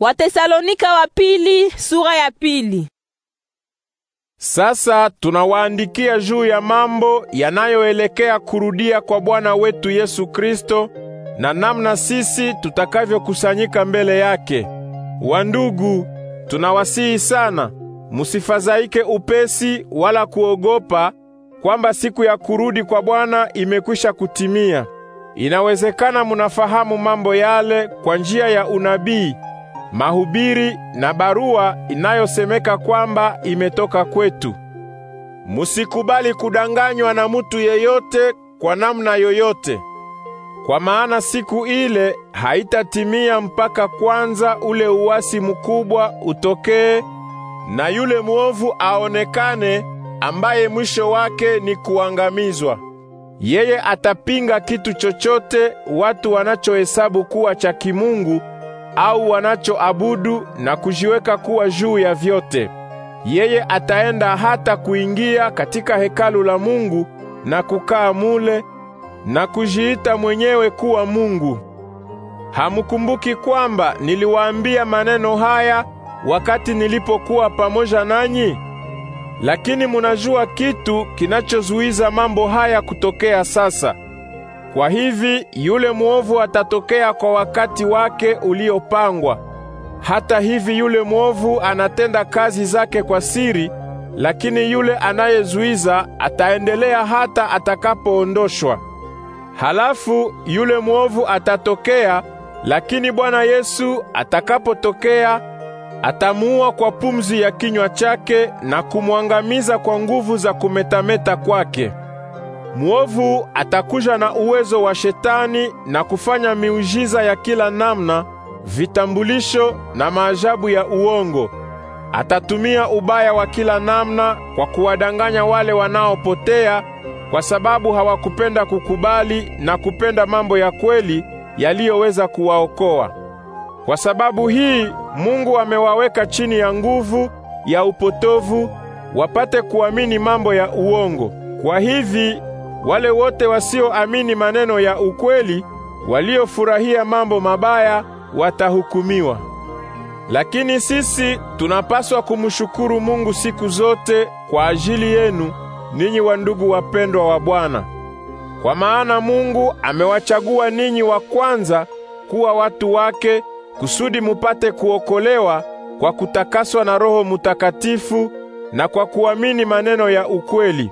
Watesalonika wa pili, sura ya pili. Sasa tunawaandikia juu ya mambo yanayoelekea kurudia kwa Bwana wetu Yesu Kristo na namna sisi tutakavyokusanyika mbele yake. Wandugu, tunawasihi sana musifadhaike upesi wala kuogopa kwamba siku ya kurudi kwa Bwana imekwisha kutimia. Inawezekana munafahamu mambo yale kwa njia ya unabii mahubiri na barua inayosemeka kwamba imetoka kwetu. Musikubali kudanganywa na mutu yeyote kwa namna yoyote, kwa maana siku ile haitatimia mpaka kwanza ule uasi mkubwa utokee na yule mwovu aonekane, ambaye mwisho wake ni kuangamizwa. Yeye atapinga kitu chochote watu wanachohesabu kuwa cha kimungu au wanachoabudu na kujiweka kuwa juu ya vyote. Yeye ataenda hata kuingia katika hekalu la Mungu na kukaa mule na kujiita mwenyewe kuwa Mungu. Hamukumbuki kwamba niliwaambia maneno haya wakati nilipokuwa pamoja nanyi? Lakini munajua kitu kinachozuiza mambo haya kutokea sasa. Kwa hivi yule mwovu atatokea kwa wakati wake uliopangwa. Hata hivi yule mwovu anatenda kazi zake kwa siri, lakini yule anayezuiza ataendelea hata atakapoondoshwa. Halafu yule mwovu atatokea, lakini Bwana Yesu atakapotokea atamuua kwa pumzi ya kinywa chake na kumwangamiza kwa nguvu za kumetameta kwake. Mwovu atakuja na uwezo wa shetani na kufanya miujiza ya kila namna, vitambulisho na maajabu ya uongo. Atatumia ubaya wa kila namna kwa kuwadanganya wale wanaopotea, kwa sababu hawakupenda kukubali na kupenda mambo ya kweli yaliyoweza kuwaokoa. Kwa sababu hii Mungu amewaweka chini ya nguvu ya upotovu, wapate kuamini mambo ya uongo. Kwa hivi wale wote wasioamini maneno ya ukweli, waliofurahia mambo mabaya watahukumiwa. Lakini sisi tunapaswa kumshukuru Mungu siku zote kwa ajili yenu ninyi wandugu wapendwa wa Bwana, kwa maana Mungu amewachagua ninyi wa kwanza kuwa watu wake kusudi mupate kuokolewa kwa kutakaswa na Roho Mutakatifu na kwa kuamini maneno ya ukweli.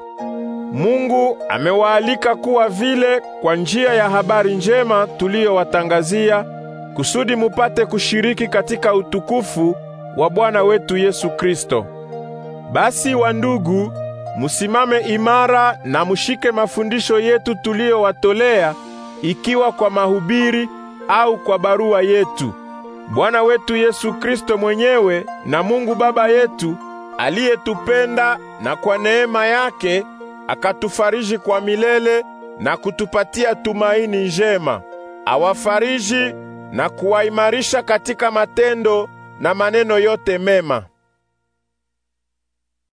Mungu amewaalika kuwa vile kwa njia ya habari njema tuliyowatangazia kusudi mupate kushiriki katika utukufu wa Bwana wetu Yesu Kristo. Basi wandugu, musimame imara na mushike mafundisho yetu tuliyowatolea, ikiwa kwa mahubiri au kwa barua yetu. Bwana wetu Yesu Kristo mwenyewe na Mungu Baba yetu aliyetupenda na kwa neema yake akatufariji kwa milele na kutupatia tumaini njema. Awafariji na kuwaimarisha katika matendo na maneno yote mema.